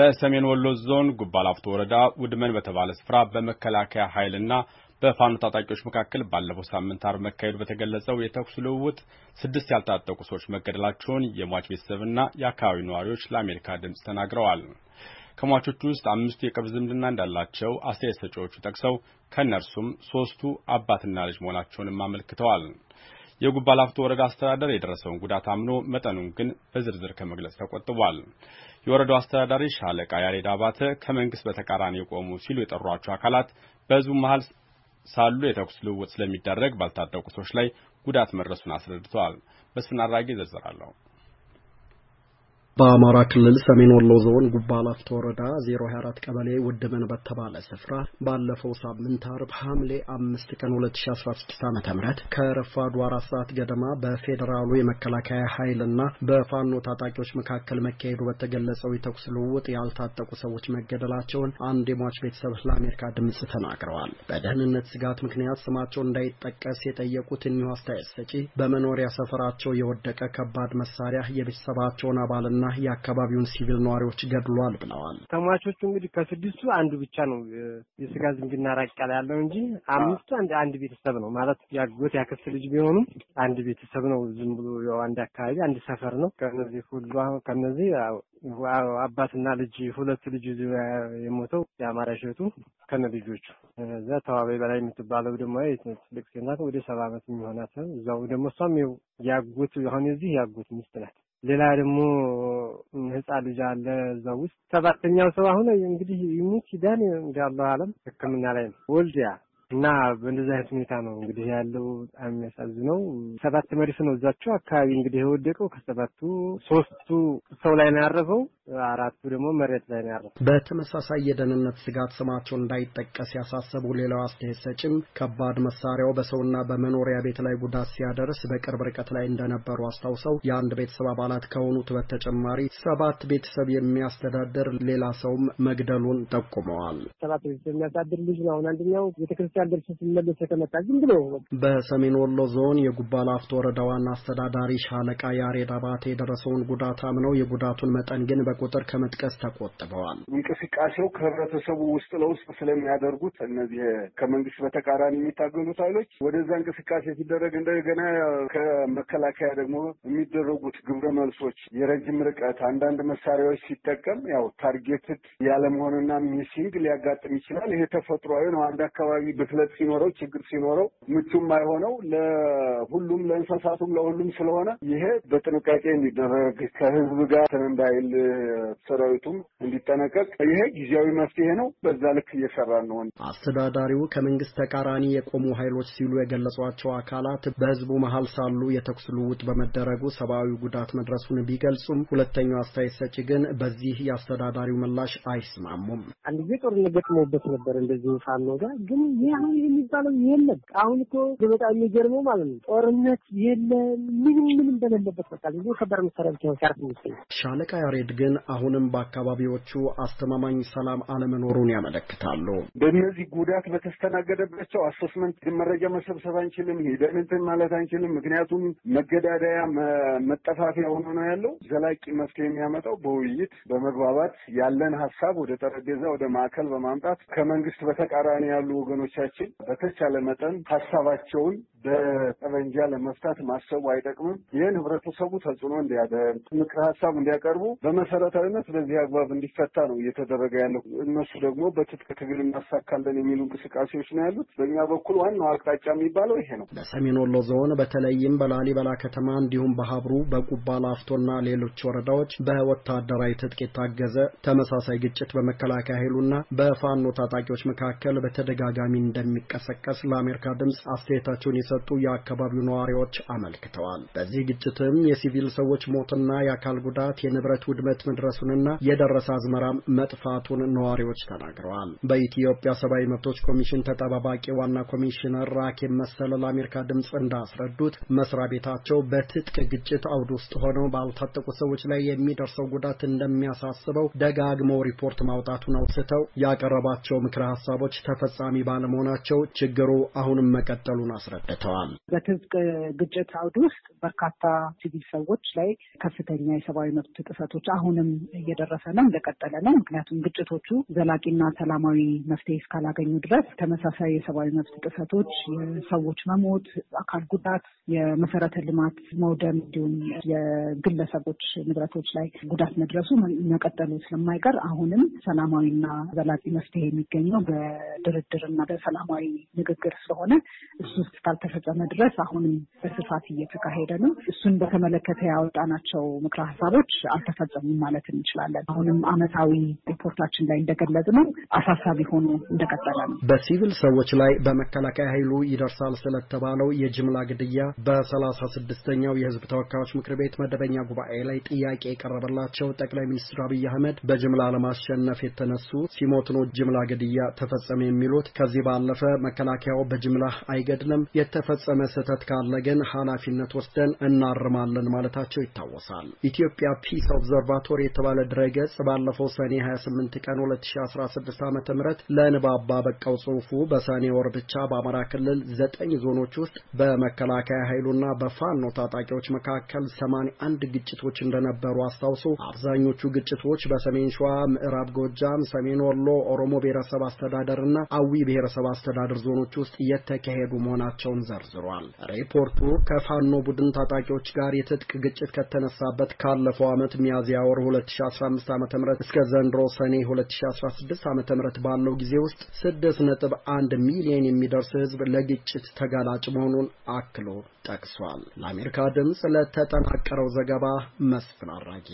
በሰሜን ወሎ ዞን ጉባላፍቶ ወረዳ ውድመን በተባለ ስፍራ በመከላከያ ኃይልና በፋኖ ታጣቂዎች መካከል ባለፈው ሳምንት አርብ መካሄዱ በተገለጸው የተኩስ ልውውጥ ስድስት ያልታጠቁ ሰዎች መገደላቸውን የሟች ቤተሰብና የአካባቢው ነዋሪዎች ለአሜሪካ ድምፅ ተናግረዋል። ከሟቾቹ ውስጥ አምስቱ የቅርብ ዝምድና እንዳላቸው አስተያየት ሰጪዎቹ ጠቅሰው ከእነርሱም ሶስቱ አባትና ልጅ መሆናቸውንም አመልክተዋል። የጉባላፍቶ ወረዳ አስተዳደር የደረሰውን ጉዳት አምኖ መጠኑን ግን በዝርዝር ከመግለጽ ተቆጥቧል። የወረዳው አስተዳዳሪ ሻለቃ ያሬድ አባተ ከመንግስት በተቃራኒ የቆሙ ሲሉ የጠሯቸው አካላት በህዝቡ መሀል ሳሉ የተኩስ ልውውጥ ስለሚደረግ ባልታጠቁ ሰዎች ላይ ጉዳት መድረሱን አስረድተዋል። መስፍን አራጌ አለው። በአማራ ክልል ሰሜን ወሎ ዞን ጉባ ላፍቶ ወረዳ 024 ቀበሌ ውድመን በተባለ ስፍራ ባለፈው ሳምንት አርብ ሐምሌ አምስት ቀን 2016 ዓ ም ከረፋዱ አራት ሰዓት ገደማ በፌዴራሉ የመከላከያ ኃይልና በፋኖ ታጣቂዎች መካከል መካሄዱ በተገለጸው የተኩስ ልውውጥ ያልታጠቁ ሰዎች መገደላቸውን አንድ የሟች ቤተሰብ ለአሜሪካ ድምፅ ተናግረዋል። በደህንነት ስጋት ምክንያት ስማቸው እንዳይጠቀስ የጠየቁት እኒሁ አስተያየት ሰጪ በመኖሪያ ሰፈራቸው የወደቀ ከባድ መሳሪያ የቤተሰባቸውን አባልና ፖሊስና የአካባቢውን ሲቪል ነዋሪዎች ገድሏል ብለዋል። ተሟቾቹ እንግዲህ ከስድስቱ አንዱ ብቻ ነው የስጋ ዝምድና ራቅ ያለ ያለው እንጂ አምስቱ አንድ ቤተሰብ ነው ማለት ያጎት ያክስት ልጅ ቢሆኑም አንድ ቤተሰብ ነው። ዝም ብሎ አንድ አካባቢ አንድ ሰፈር ነው። ከነዚህ ሁሉ ከነዚህ አባትና ልጅ ሁለት ልጅ የሞተው የአማራ ሸቱ ከነ ልጆቹ እዛ ተባባይ በላይ የምትባለው ደግሞ ትልቅ ሴት ናት። ወደ ሰባ ዓመት የሚሆናት እዛው ደግሞ እሷም ያጎት አሁን የዚህ ያጎት ሚስት ናት። ሌላ ደግሞ ህፃን ልጅ አለ እዛ ውስጥ። ሰባተኛው ሰው አሁን እንግዲህ ይሙት ይዳን እንደ አለም ህክምና ላይ ነው። ወልዲያ እና በእንደዚህ አይነት ሁኔታ ነው እንግዲህ ያለው። በጣም የሚያሳዝነው ሰባት መድፍ ነው እዛቸው አካባቢ እንግዲህ የወደቀው። ከሰባቱ ሶስቱ ሰው ላይ ነው ያረፈው፣ አራቱ ደግሞ መሬት ላይ ነው ያረፈው። በተመሳሳይ የደህንነት ስጋት ስማቸው እንዳይጠቀስ ያሳሰቡ ሌላው አስተያየት ሰጭም ከባድ መሳሪያው በሰውና በመኖሪያ ቤት ላይ ጉዳት ሲያደርስ በቅርብ ርቀት ላይ እንደነበሩ አስታውሰው የአንድ ቤተሰብ አባላት ከሆኑት በተጨማሪ ሰባት ቤተሰብ የሚያስተዳድር ሌላ ሰውም መግደሉን ጠቁመዋል። ሰባት ቤተሰብ የሚያስተዳድር ልጅ ነው አሁን አንደኛው ቤተክርስቲያን ያልደርሰ ሲመለስ የተመታ ዝም ብሎ በሰሜን ወሎ ዞን የጉባ ላፍቶ ወረዳ ዋና አስተዳዳሪ ሻለቃ ያሬድ አባቴ የደረሰውን ጉዳት አምነው የጉዳቱን መጠን ግን በቁጥር ከመጥቀስ ተቆጥበዋል። እንቅስቃሴው ከህብረተሰቡ ውስጥ ለውስጥ ስለሚያደርጉት እነዚህ ከመንግስት በተቃራኒ የሚታገሉት ኃይሎች ወደዛ እንቅስቃሴ ሲደረግ እንደገና ከመከላከያ ደግሞ የሚደረጉት ግብረ መልሶች፣ የረጅም ርቀት አንዳንድ መሳሪያዎች ሲጠቀም ያው ታርጌትድ ያለመሆንና ሚሲንግ ሊያጋጥም ይችላል። ይሄ ተፈጥሯዊ ነው። አንድ አካባቢ ብክለት ሲኖረው ችግር ሲኖረው ምቹም አይሆነው ለሁሉም ለእንስሳቱም ለሁሉም ስለሆነ ይሄ በጥንቃቄ እንዲደረግ ከህዝብ ጋር ተንዳይል ሰራዊቱም እንዲጠነቀቅ ይሄ ጊዜያዊ መፍትሄ ነው። በዛ ልክ እየሰራ ነው። አስተዳዳሪው ከመንግስት ተቃራኒ የቆሙ ኃይሎች ሲሉ የገለጿቸው አካላት በህዝቡ መሀል ሳሉ የተኩስ ልውውጥ በመደረጉ ሰብአዊ ጉዳት መድረሱን ቢገልጹም ሁለተኛው አስተያየት ሰጪ ግን በዚህ የአስተዳዳሪው ምላሽ አይስማሙም። አንድ ጊዜ ጦርነት ገጥሞበት ነበር እንደዚህ ፋኖ ጋር ግን ይህ አሁን የሚባለው የለም። አሁን እኮ በጣም የሚገርመው ማለት ነው ጦርነት የለም ምንም ምንም በሌለበት በቃ ብዙ ከባድ መሳሪያ ብቻ ሲያርፍ የሚገኝ ሻለቃ ያሬድ ግን አሁንም በአካባቢዎቹ አስተማማኝ ሰላም አለመኖሩን ያመለክታሉ። በእነዚህ ጉዳት በተስተናገደባቸው አሰስመንት መረጃ መሰብሰብ አንችልም፣ ሄደን እንትን ማለት አንችልም። ምክንያቱም መገዳደያ መጠፋፊያ ሆኖ ነው ያለው። ዘላቂ መፍትሄ የሚያመጣው በውይይት በመግባባት ያለን ሀሳብ ወደ ጠረጴዛ ወደ ማዕከል በማምጣት ከመንግስት በተቃራኒ ያሉ ወገኖች ተወካዮቻችን በተቻለ መጠን ሀሳባቸውን በጠመንጃ ለመፍታት ማሰቡ አይጠቅምም። ይህን ህብረተሰቡ ተጽዕኖ እንዲያደርግ ምክረ ሀሳብ እንዲያቀርቡ በመሰረታዊነት በዚህ አግባብ እንዲፈታ ነው እየተደረገ ያለው። እነሱ ደግሞ በትጥቅ ትግል እናሳካለን የሚሉ እንቅስቃሴዎች ነው ያሉት። በእኛ በኩል ዋናው አቅጣጫ የሚባለው ይሄ ነው። በሰሜን ወሎ ዞን በተለይም በላሊበላ ከተማ እንዲሁም በሀብሩ በቁባ ላፍቶና ሌሎች ወረዳዎች በወታደራዊ ትጥቅ የታገዘ ተመሳሳይ ግጭት በመከላከያ ኃይሉና በፋኖ ታጣቂዎች መካከል በተደጋጋሚ እንደሚቀሰቀስ ለአሜሪካ ድምፅ አስተያየታቸውን እንደሚሰጡ የአካባቢው ነዋሪዎች አመልክተዋል። በዚህ ግጭትም የሲቪል ሰዎች ሞትና የአካል ጉዳት የንብረት ውድመት መድረሱንና የደረሰ አዝመራም መጥፋቱን ነዋሪዎች ተናግረዋል። በኢትዮጵያ ሰብአዊ መብቶች ኮሚሽን ተጠባባቂ ዋና ኮሚሽነር ራኬብ መሰለ ለአሜሪካ ድምፅ እንዳስረዱት መስሪያ ቤታቸው በትጥቅ ግጭት አውድ ውስጥ ሆነው ባልታጠቁ ሰዎች ላይ የሚደርሰው ጉዳት እንደሚያሳስበው ደጋግመው ሪፖርት ማውጣቱን አውስተው ያቀረባቸው ምክረ ሀሳቦች ተፈጻሚ ባለመሆናቸው ችግሩ አሁንም መቀጠሉን አስረድተዋል። አብራርተዋል። በትጥቅ ግጭት አውድ ውስጥ በርካታ ሲቪል ሰዎች ላይ ከፍተኛ የሰብአዊ መብት ጥሰቶች አሁንም እየደረሰ ነው፣ እንደቀጠለ ነው። ምክንያቱም ግጭቶቹ ዘላቂና ሰላማዊ መፍትሄ እስካላገኙ ድረስ ተመሳሳይ የሰብአዊ መብት ጥሰቶች፣ የሰዎች መሞት፣ አካል ጉዳት፣ የመሰረተ ልማት መውደም እንዲሁም የግለሰቦች ንብረቶች ላይ ጉዳት መድረሱ መቀጠሉ ስለማይቀር አሁንም ሰላማዊና ዘላቂ መፍትሄ የሚገኘው በድርድርና በሰላማዊ ንግግር ስለሆነ እሱ ውስጥ እስከተፈጸመ ድረስ አሁንም በስፋት እየተካሄደ ነው። እሱን በተመለከተ ያወጣናቸው ምክረ ሀሳቦች አልተፈጸሙም ማለት እንችላለን። አሁንም አመታዊ ሪፖርታችን ላይ እንደገለጽ ነው አሳሳቢ ሆኖ እንደቀጠለ ነው። በሲቪል ሰዎች ላይ በመከላከያ ኃይሉ ይደርሳል ስለተባለው የጅምላ ግድያ በሰላሳ ስድስተኛው የህዝብ ተወካዮች ምክር ቤት መደበኛ ጉባኤ ላይ ጥያቄ የቀረበላቸው ጠቅላይ ሚኒስትር አብይ አህመድ በጅምላ ለማሸነፍ የተነሱ ሲሞትኖ ጅምላ ግድያ ተፈጸመ የሚሉት ከዚህ ባለፈ መከላከያው በጅምላ አይገድልም የተ የተፈጸመ ስህተት ካለ ግን ኃላፊነት ወስደን እናርማለን ማለታቸው ይታወሳል። ኢትዮጵያ ፒስ ኦብዘርቫቶሪ የተባለ ድረገጽ ባለፈው ሰኔ 28 ቀን 2016 ዓ ም ለንባብ ባበቃው ጽሑፉ በሰኔ ወር ብቻ በአማራ ክልል ዘጠኝ ዞኖች ውስጥ በመከላከያ ኃይሉና በፋኖ ታጣቂዎች መካከል 81 ግጭቶች እንደነበሩ አስታውሶ አብዛኞቹ ግጭቶች በሰሜን ሸዋ፣ ምዕራብ ጎጃም፣ ሰሜን ወሎ፣ ኦሮሞ ብሔረሰብ አስተዳደር አዊ ብሔረሰብ አስተዳደር ዞኖች ውስጥ የተካሄዱ መሆናቸውን ዘርዝሯል። ሪፖርቱ ከፋኖ ቡድን ታጣቂዎች ጋር የትጥቅ ግጭት ከተነሳበት ካለፈው ዓመት ሚያዝያ ወር 2015 ዓ ም እስከ ዘንድሮ ሰኔ 2016 ዓ ም ባለው ጊዜ ውስጥ 6.1 ሚሊዮን የሚደርስ ህዝብ ለግጭት ተጋላጭ መሆኑን አክሎ ጠቅሷል። ለአሜሪካ ድምፅ ለተጠናቀረው ዘገባ መስፍን አራጌ